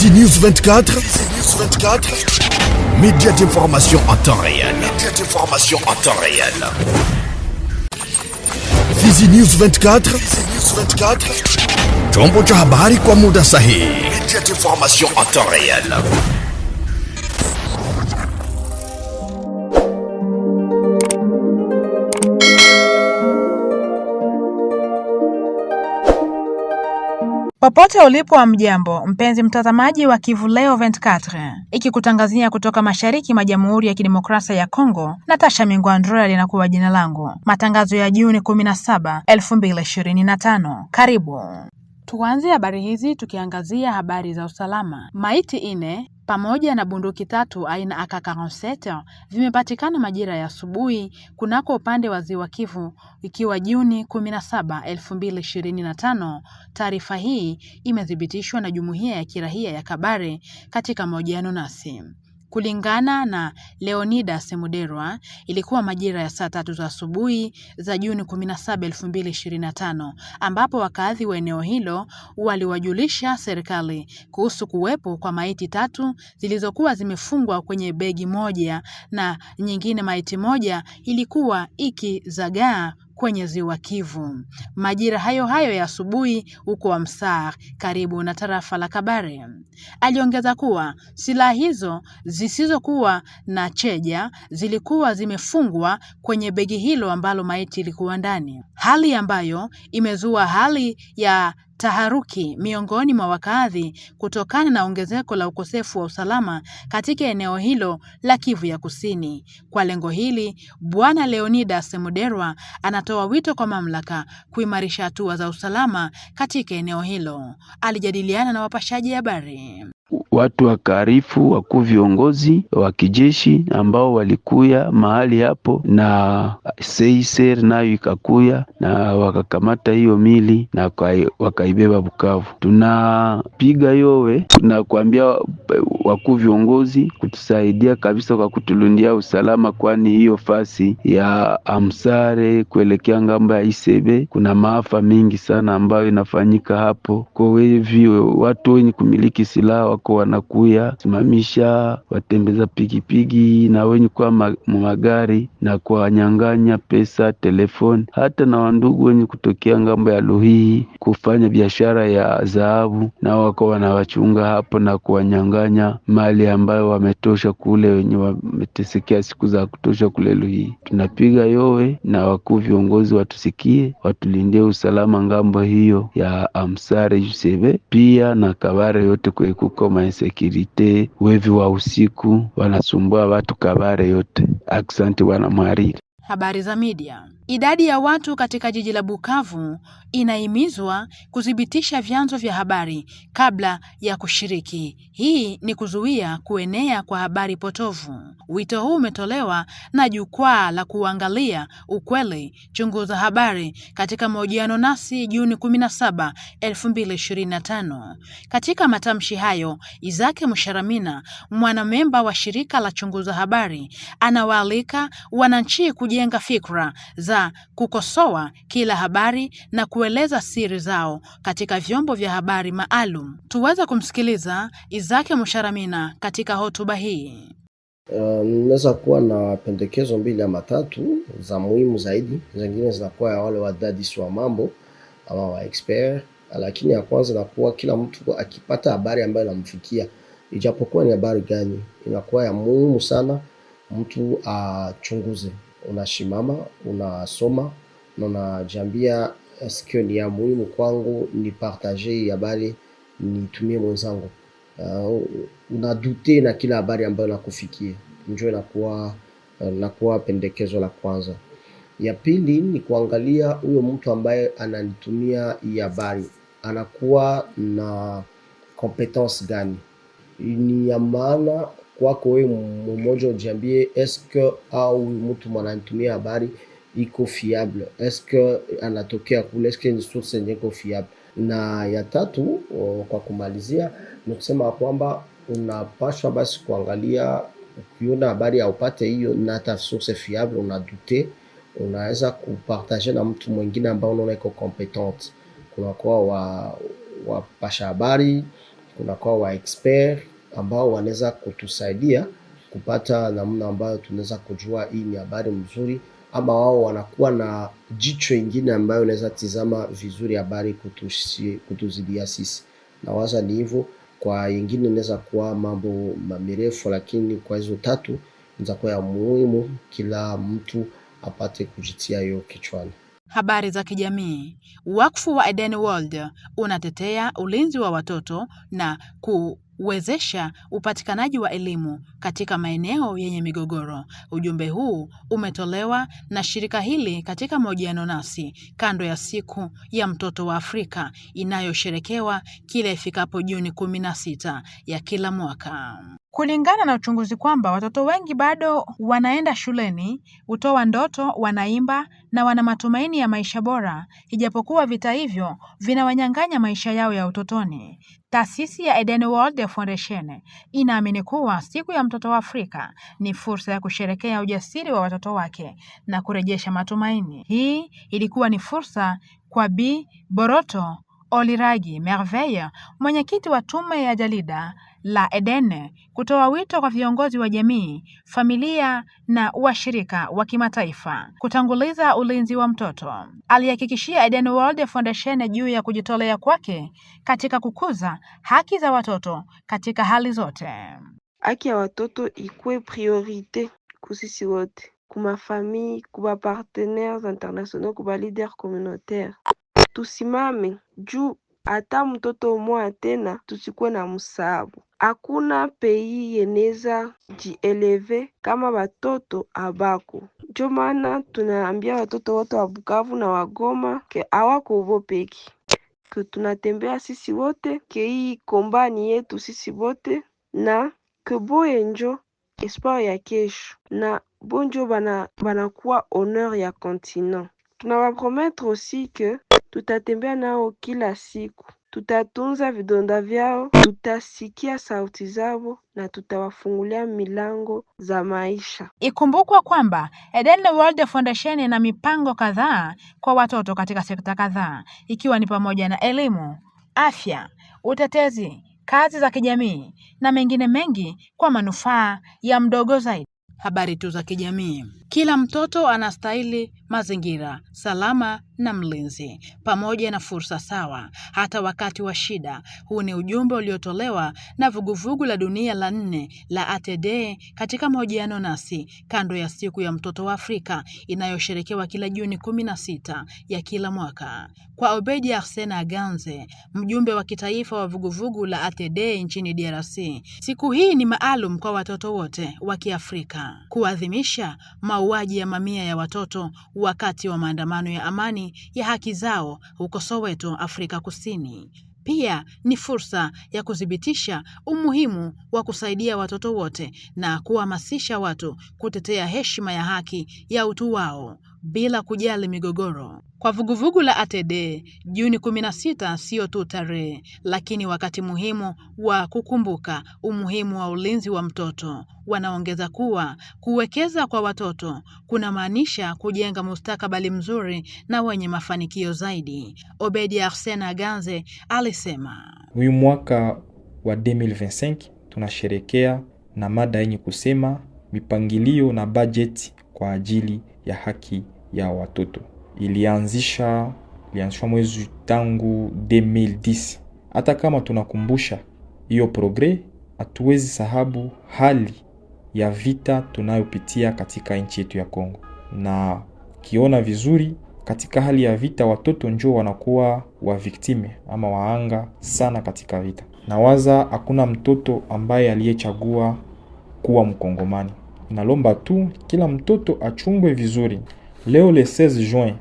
Easy News 24. Easy News 24. Média d'information en temps réel. Média d'information en temps réel. Easy News 24. Easy News 24. Tombo cha habari kwa muda Média d'information en temps réel. Popote ulipo wa mjambo, mpenzi mtazamaji wa Kivu Leo 24, ikikutangazia kutoka mashariki mwa Jamhuri ya Kidemokrasia ya Kongo. Natasha Mingwandrea linakuwa jina langu. Matangazo ya Juni 17, 2025. Karibu tuanze habari hizi tukiangazia habari za usalama. Maiti ine pamoja na bunduki tatu aina AK47 vimepatikana majira ya asubuhi kunako upande wa Ziwa Kivu ikiwa Juni 17, 2025. Taarifa hii imethibitishwa na Jumuiya ya kirahia ya Kabare katika mahojiano nasi. Kulingana na Leonidas Muderwa, ilikuwa majira ya saa tatu za asubuhi za Juni 17, 2025 ambapo wakaadhi wa eneo hilo waliwajulisha serikali kuhusu kuwepo kwa maiti tatu zilizokuwa zimefungwa kwenye begi moja na nyingine maiti moja ilikuwa ikizagaa kwenye ziwa Kivu. Majira hayo hayo ya asubuhi huko Amsar karibu na tarafa la Kabare. Aliongeza kuwa silaha hizo zisizokuwa na cheja zilikuwa zimefungwa kwenye begi hilo ambalo maiti ilikuwa ndani, hali ambayo imezua hali ya taharuki miongoni mwa wakaadhi kutokana na ongezeko la ukosefu wa usalama katika eneo hilo la Kivu ya Kusini. Kwa lengo hili, Bwana Leonidas Muderwa anatoa wito kwa mamlaka kuimarisha hatua za usalama katika eneo hilo. Alijadiliana na wapashaji habari watu wakaarifu wakuu viongozi wa kijeshi ambao walikuya mahali hapo, na seiser nayo ikakuya na wakakamata hiyo mili na wakaibeba Bukavu. Tunapiga yowe na kuambia wakuu viongozi kutusaidia kabisa kwa kutulundia usalama, kwani hiyo fasi ya Amsare kuelekea ngambo ya Isebe kuna maafa mingi sana ambayo inafanyika hapo. Kwa hivyo watu wenye kumiliki silaha wako wanakuya simamisha watembeza pikipiki na wenye kwa magari na kuwanyang'anya pesa, telefoni, hata na wandugu wenye kutokea ngambo ya Luhihi kufanya biashara ya dhahabu, nao wako wanawachunga hapo na kuwanyang'anya mali ambayo wametosha kule, wenye wametesekea siku za kutosha kule Luhihi. Tunapiga yowe na wakuu viongozi watusikie, watulindie usalama ngambo hiyo ya Amsare Jusebe pia na Kabare yote kuekuko maesi sekirite wevi wa usiku wanasumbua watu Kabare yote. Aksanti Bwana mhariri. Habari za media. Idadi ya watu katika jiji la Bukavu inahimizwa kuthibitisha vyanzo vya habari kabla ya kushiriki. Hii ni kuzuia kuenea kwa habari potovu Wito huu umetolewa na jukwaa la kuangalia ukweli, chunguza habari katika mahojiano nasi Juni 17, 2025. Katika matamshi hayo, Izake Musharamina, mwanamemba wa shirika la chunguza habari, anawaalika wananchi kuji kujenga fikra za kukosoa kila habari na kueleza siri zao katika vyombo vya habari maalum. Tuweze kumsikiliza Izake Musharamina katika hotuba hii. Ninaweza um, kuwa na pendekezo mbili ama tatu za muhimu zaidi, zingine zinakuwa ya wale wadadisi wa mambo ama wa expert, lakini ya kwanza inakuwa kila mtu akipata habari ambayo inamfikia, ijapokuwa ni habari gani, inakuwa ya muhimu sana mtu achunguze unashimama unasoma na unajiambia eh, sikio ni ya muhimu kwangu, ni partage hii habari, nitumie mwenzangu. Uh, unadute na kila habari ambayo nakufikia, njo inakuwa eh, nakuwa pendekezo la kwanza. Ya pili ni kuangalia huyo mtu ambaye ananitumia hii habari anakuwa na competence gani. Ni ya maana kwako wewe mmoja ujiambie, eske au mtu mwananitumia habari iko fiable, eske anatokea kule, eske ni source yenye iko fiable. Na ya tatu kwa kumalizia ni kusema kwamba unapashwa basi kuangalia, ukiona habari aupate hiyo na source fiable, unadute unaweza kupartager na mtu mwingine ambao unaona iko competent, wa wapasha habari, kwa wa expert ambao wanaweza kutusaidia kupata namna ambayo tunaweza kujua hii ni habari mzuri, ama wao wanakuwa na jicho ingine ambayo inaweza tizama vizuri habari kutuzidia sisi. Nawaza ni hivyo. Kwa yengine inaweza kuwa mambo mirefu, lakini kwa hizo tatu inakuwa ya muhimu kila mtu apate kujitia hiyo kichwani. Habari za kijamii. Wakfu wa Eden World unatetea ulinzi wa watoto na kuwezesha upatikanaji wa elimu katika maeneo yenye migogoro. Ujumbe huu umetolewa na shirika hili katika mahojiano nasi kando ya siku ya mtoto wa Afrika inayosherekewa kila ifikapo Juni kumi na sita ya kila mwaka kulingana na uchunguzi kwamba watoto wengi bado wanaenda shuleni, hutoa ndoto, wanaimba na wana matumaini ya maisha bora, ijapokuwa vita hivyo vinawanyang'anya maisha yao ya utotoni. Taasisi ya Eden World Foundation inaamini kuwa siku ya mtoto wa Afrika ni fursa ya kusherekea ujasiri wa watoto wake na kurejesha matumaini. Hii ilikuwa ni fursa kwa Bi Boroto Oliragi Merveille, mwenyekiti wa tume ya Jalida la Eden kutoa wito kwa viongozi wa jamii, familia na washirika wa kimataifa kutanguliza ulinzi wa mtoto. Alihakikishia Eden World Foundation juu ya kujitolea kwake katika kukuza haki za watoto katika hali zote. Haki ya watoto ikuwe priorite kusisi wote, kumafamii, kuba partenaires internationaux, kuba leader communautaire. Tusimame juu hata mtoto mmoja tena tusikuwe na msabu. Akuna peyi yeneza jieleve kama batoto abako, njo maana tunaambia batoto wote wa Bukavu na wa Goma ke awakuvopeki, ke tunatembea sisi wote, ke hii kombani yetu sisi wote, na ke boye njo espoir ya kesho, na bonjo bana banakuwa honneur ya continent. Tunawapromettre aussi ke tutatembea nao kila siku. Tutatunza vidonda vyao, tutasikia sauti zao na tutawafungulia milango za maisha. Ikumbukwa kwamba Eden World Foundation ina mipango kadhaa kwa watoto katika sekta kadhaa, ikiwa ni pamoja na elimu, afya, utetezi, kazi za kijamii na mengine mengi kwa manufaa ya mdogo zaidi. Habari tu za kijamii. Kila mtoto anastahili mazingira salama na mlinzi pamoja na fursa sawa hata wakati wa shida. Huu ni ujumbe uliotolewa na vuguvugu la dunia la nne la ATD katika mahojiano nasi kando ya siku ya mtoto wa Afrika inayosherekewa kila Juni kumi na sita ya kila mwaka. Kwa Obedi Arsena Aganze, mjumbe wa kitaifa wa vuguvugu la ATD nchini DRC, siku hii ni maalum kwa watoto wote wa Kiafrika kuadhimisha mauaji ya mamia ya watoto wakati wa maandamano ya amani ya haki zao huko Soweto, Afrika Kusini. Pia ni fursa ya kuthibitisha umuhimu wa kusaidia watoto wote na kuhamasisha watu kutetea heshima ya haki ya utu wao bila kujali migogoro. Kwa vuguvugu la ATD, Juni 16 sio tu tarehe, lakini wakati muhimu wa kukumbuka umuhimu wa ulinzi wa mtoto. Wanaongeza kuwa kuwekeza kwa watoto kunamaanisha kujenga mustakabali mzuri na wenye mafanikio zaidi. Obedi arsen Ganze alisema, huyu mwaka wa 2025 tunasherekea na mada yenye kusema mipangilio na bajeti kwa ajili ya haki ya watoto ilianzisha ilianzishwa mwezi tangu 2010. Hata kama tunakumbusha hiyo progre, hatuwezi sahabu hali ya vita tunayopitia katika nchi yetu ya Kongo, na kiona vizuri katika hali ya vita watoto njoo wanakuwa waviktime ama waanga sana katika vita. Nawaza hakuna mtoto ambaye aliyechagua kuwa Mkongomani. Nalomba tu kila mtoto achungwe vizuri. Leo le 16 Juin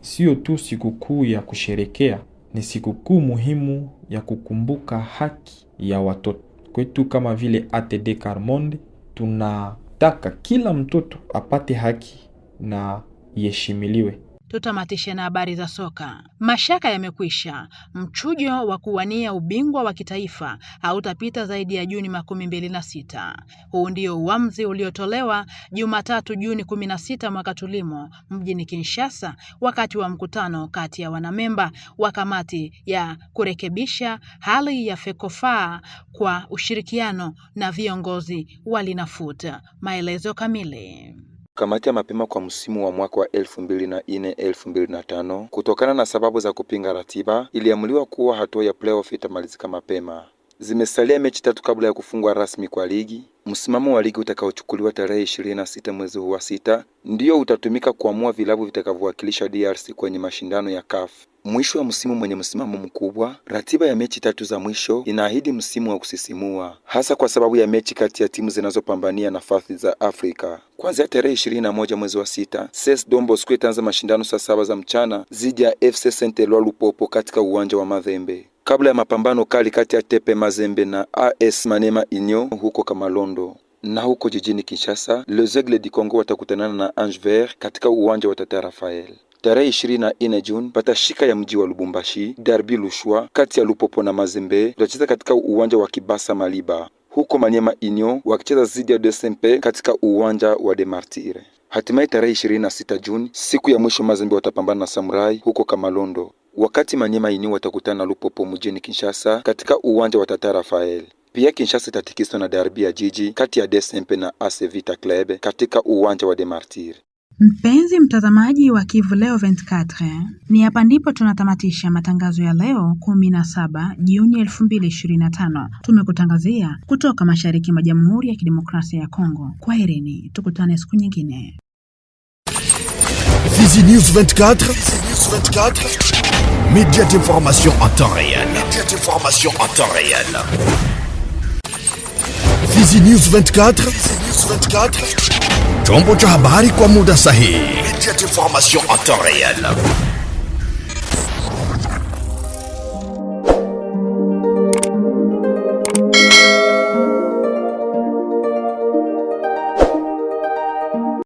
sio tu sikukuu ya kusherekea, ni sikukuu muhimu ya kukumbuka haki ya watoto kwetu. Kama vile ATD Carmonde, tunataka kila mtoto apate haki na iheshimiliwe tutamatishe na habari za soka. Mashaka yamekwisha. Mchujo wa kuwania ubingwa wa kitaifa hautapita zaidi ya Juni makumi mbili na sita. Huu ndio uamuzi uliotolewa Jumatatu Juni kumi na sita mwaka tulimo mjini Kinshasa, wakati wa mkutano kati ya wanamemba wa kamati ya kurekebisha hali ya FEKOFA kwa ushirikiano na viongozi wa Linafoot. Maelezo kamili kamati ya mapema kwa msimu wa mwaka wa 2004-2005 kutokana na sababu za kupinga ratiba, iliamuliwa kuwa hatua ya playoff itamalizika mapema. Zimesalia mechi tatu kabla ya kufungwa rasmi kwa ligi. Msimamo wa ligi utakaochukuliwa tarehe 26 mwezi huu wa sita ndio utatumika kuamua vilabu vitakavyowakilisha DRC kwenye mashindano ya CAF mwisho wa msimu mwenye msimamo mkubwa. Ratiba ya mechi tatu za mwisho inaahidi msimu wa kusisimua, hasa kwa sababu ya mechi kati ya timu zinazopambania nafasi za Afrika. Kuanzia tarehe 21 mwezi wa sita, SES Dombo Square itaanza mashindano saa saba za mchana dhidi ya FC Saint Eloi Lupopo katika uwanja wa Mazembe kabla ya mapambano kali kati ya Tepe Mazembe na AS Manema Inyo huko Kamalondo na huko jijini Kinshasa, Les Aigles du Congo watakutanana na Ange Vert katika uwanja wa Tata Rafael tarehe ishirini na nne Juni patashika ya mji wa Lubumbashi, Darbi Lushwa kati ya Lupopo na Mazembe tutacheza katika uwanja wa Kibasa Maliba, huko Manyema inyo wakicheza zidi ya DSMP katika uwanja wa Demartire. Hatimaye tarehe ishirini sita Juni, siku ya mwisho, Mazembe watapambana na Samurai huko Kamalondo, wakati Manyema inyo watakutana na Lupopo mjini Kinshasa katika uwanja wa Tata Rafael. Pia Kinshasa itatikiswa na darbi ya jiji kati ya DSMP na AS Vita Club katika uwanja wa Demartire. Mpenzi mtazamaji wa Kivu Leo 24, ni hapa ndipo tunatamatisha matangazo ya leo 17 Juni 2025. Tumekutangazia kutoka mashariki mwa Jamhuri ya Kidemokrasia ya Kongo. Kwa Kwaherini, tukutane siku nyingine. Fizi News 24, Fizi News 24, média d'information en temps réel, média d'information en temps réel. Fizi News 24, Fizi News 24 chombo cha habari kwa muda sahihi, information en temps réel